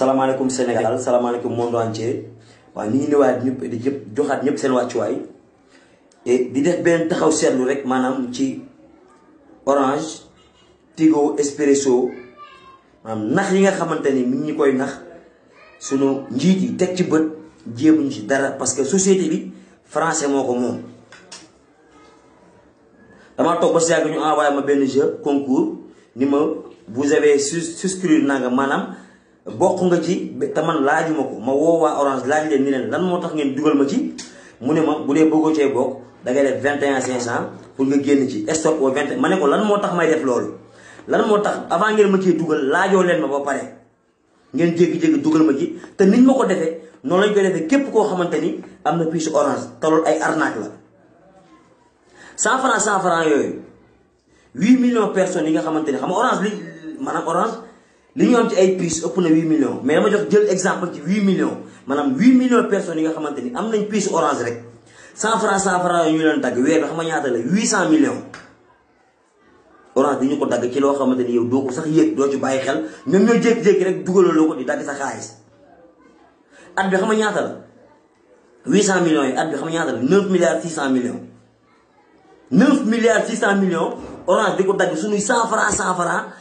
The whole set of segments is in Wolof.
salaamaaleykum Sénégal salaamaaleykum monde entier waaw ñu ngi nuyuwaat ñëpp di jëpp joxaat ñëpp seen wàccuwaay et di def benn taxaw seetlu rek maanaam ci orange Tigo Expresso maanaam nax yi nga xamante ni ñu ngi koy nax sunu njiit yi teg ci bët jéemuñu ci dara parce que société bi français moo ko moom. damaa toog ba si yàgg ñu envoyé ma benn jeu concours ni ma vous avez souscrit nanga maanaam. bokk nga ci te man laajuma ko ma woo waa orange laaj leen ni leen lan moo tax ngeen dugal ma ci mu ne ma bu dee bëggoo cee bokk da ngay def 21 500 pour nga génn ci stock au 20 ma ne ko lan moo tax may def loolu lan moo tax avant ngeen ma cee dugal laajoo leen ma ba pare ngeen jékki-jékki dugal ma ci te niñ ma ko defee noonu lañ koy defee képp koo xamante ni am na puce orange te loolu ay arnaque la 100 francs 100 francs yooyu 8 millions personnes yi nga xamante ni xam orange li maanaam orange li ñu am ci ay prise ëpp na 8 millions mais dama jox jël exemple ci 8 millions maanaam 8 millions personnes yi nga xamante ni am nañ prise orange rek 100 francs 100 francs yu ñu leen dagg weer bi xam nga ñaata la 800 millions. orange ñu ko dagg ci loo xamante ni yow doo sax yëg doo ci bàyyi xel ñoom ñoo jékki-jékki rek dugaloo ko di dagg sa xaalis at bi xam nga ñaata la millions yi at bi xam nga ñaata la 9 milliards 600 millions. 9 milliards 600 millions orange di ko dagg suñuy 100 francs 100 francs.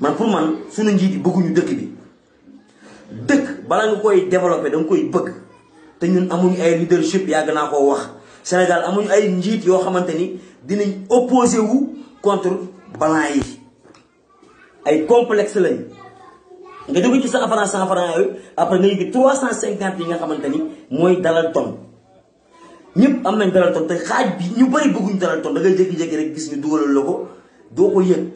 man pour man suñu njiit yi bëgguñu dëkk bi dëkk bala nga koy développé da koy bëgg te ñun amuñu ay leadership yàgg naa ko wax Sénégal amuñu ay njiit yoo xamante ni dinañ opposé wu contre blanc yi ay complexe lañ nga jóge ci cent franc cent franc yooyu après nga yëg trois cent yi nga xamante ni mooy dalal ton ñëpp am nañ dalal ton te xaaj bi ñu bëri bëgguñu dalal ton da ngay jékki-jékki rek gis ñu dugalal la ko doo ko yëg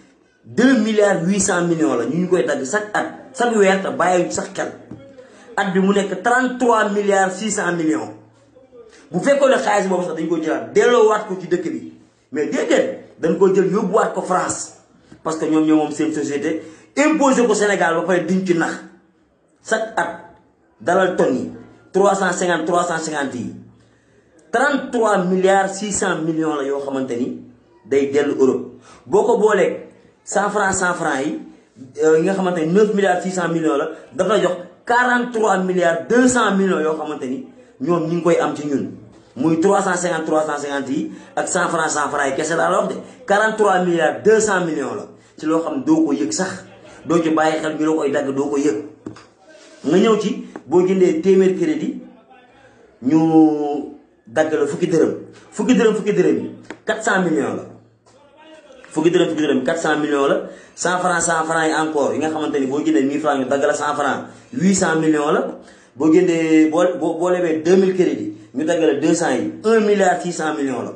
2 milliards 800 millions la ñu koy dag chaque at chaque weer te bàyyi sax xel at bi mu nekk 33 milliards 600 millions bu fekkoon ne xaalis boobu sax dañ ko jëlaat delloowaat ko ci dëkk bi mais déedéet dañ ko jël yóbbuwaat ko France parce que ñoom ñoo moom seen société imposé ko Sénégal ba pare diñ ci nax chaque at dalal tonne yi 350 350 33 milliards 600 millions la yoo xamante ni day dellu Europe boo ko cent franc cent franc yi euh, yi nga xamante ni neuf milliards six cent millions la dafa jox quarante trois milliards deux cent millions yoo xamante ni ñoom ñu ngi koy am ci ñun. muy trois cent cinquante trois cent cinquante yi ak cent franc cent franc yi kese laa la wax de quarante trois milliards deux cent millions la ci loo xam doo ko yëg sax doo ci bàyyi xel ñu la koy dagg doo ko yëg nga ñëw ci boo jëndee téeméer crédit ñu dagg la fukki dërëm fukki dërëm fukki dërëm yi cent millions fukki dërëm fukki dërëm 400 millions la 100 francs 100 yi encore yi nga xamante ni boo génnee 1000 francs ñu dagg la 100 francs 800 millions la boo génnee boo boo boo lebee 2000 crédit ñu dagg la 200 yi 1 milliard 600 millions la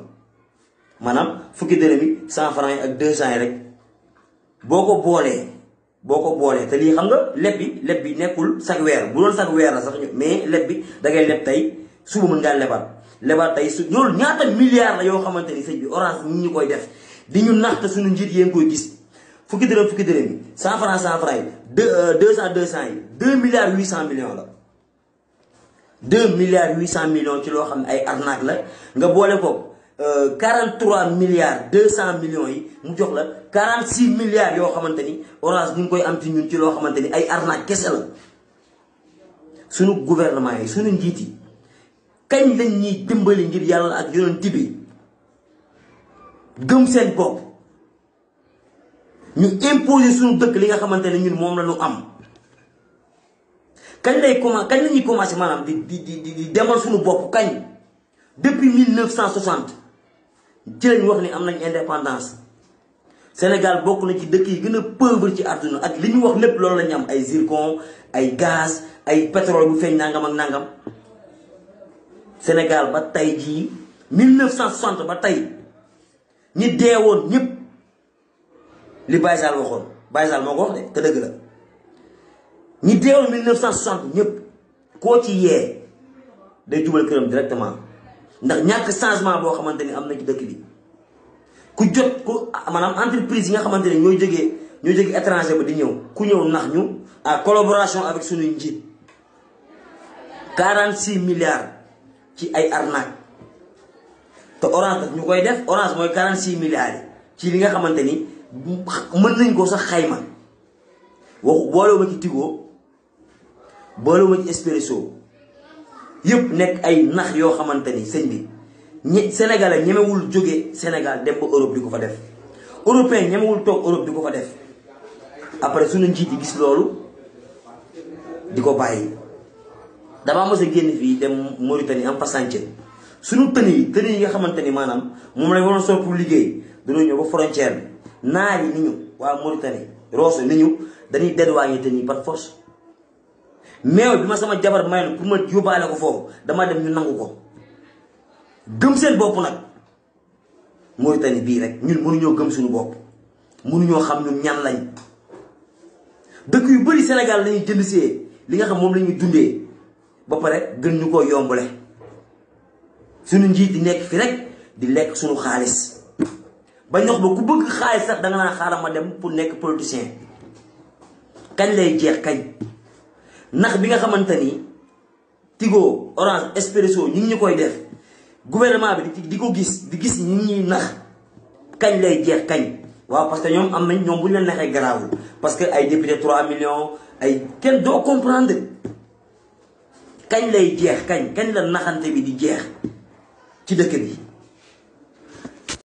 maanaam fukki dërëm yi 100 francs yi ak cent yi rek boo ko boolee boo ko boolee te lii xam nga leb bi leb bi nekkul chaque weer bu doon chaque weer la sax mais leb bi da ngay leb tey suba mën ngaa lebaat lebaat tey su loolu ñaata milliards la yoo xamante ni sëñ bi orange ñi ñu koy def. di ñu naxte suñu njiit yéen koy gis fukki dërëm fukki dërëm yi cent franc cent franc yi deux euh, deux cent deux cent yi deux milliards huit cent millions la deux milliards huit cent millions ci loo xam ne ay arnaque la nga boole ko 43 euh, milliards 200 millions yi mu jox la 46 milliards yoo xamante ni orange ñu ngi koy am ci ñun ci loo xamante ni ay arnaque kese la sunu gouvernement yi sunu njiit yi kañ lañ ñuy dimbali ngir yàlla ak yonent bi gëm seen bopp ñu imposé suñu dëkk li nga xamante ne ñun moom la lu am kañ lay commencé kañ la ñuy commencé maanaam di di di di demal suñu bopp kañ depuis 1960 ci lañ wax ni am nañ indépendance Sénégal bokk na ci dëkk yi gën a pauvre ci àdduna ak li ñu wax lépp loolu la ñu am ay zircon ay gaz ay pétrole bu feeñ nangam ak nangam Sénégal ba tey jii 1960 ba tey. ñi deewoon ñëpp li Baye Sall waxoon Baye Sall moo ko wax de te dëgg la ñi deewoon 1960 ñëpp koo ci yee day jubal këram directement ndax ñàkk changement boo xamante ni am na ci dëkk bi ku jot ku maanaam entreprise yi nga xamante ni ñooy jógee ñooy jógee étranger ba di ñëw ku ñëw nax ñu en collaboration avec suñu njiit 46 milliards ci ay arnaque te orange ñu koy def orange moy 46 milliards ci li nga xamanteni ni mën nañ ko sax xayma bolo ma ci Tigo ma ci espresso yep nek ay nax yo xamanteni señ bi ñi Sénégalais ñemewul jóge Sénégal dem ba Europe diko fa def européen ñemewul tok Europe diko fa def après suñu njiit yi gis lolu di ko dama mësa mos dem Mauritanie en passant suñu tën yi tën yi nga xamante ni maanaam moom lañ waroon sol pour liggéey dañoo ñëw ba frontière bi naar yi ni ñu waa Mauritanie Rosso ni dañuy dédouané tën yi par force mais bi sama jabar mayoon pour ma yóbbaale ko foofu dama dem ñu nangu ko gëm seen bopp nag Mauritanie bii rek ñun mënuñoo gëm suñu bopp mënuñoo xam ñun ñan lañ dëkk yu bëri Sénégal lañuy jënd li nga xam moom la ñuy dundee ba pare gën ñu koo yombale suñu njiit di nekk fii rek di lekk suñu xaalis ba ñox ba ku bëgg xaalis sax da nga naan xaaral ma dem pour nekk politicien kañ lay jeex kañ ndax bi nga xamante ni Tigo Orange Expresso ñi ngi ñu koy def gouvernement bi di ko gis di gis ñu ñuy nax kañ lay jeex kañ waaw parce ñoom am nañ ñoom bu ñu la naxee garaawul parce que ay député 3 millions ay kenn doo comprendre kañ lay jeex kañ kañ la naxante bi di jeex. ci dëkk bi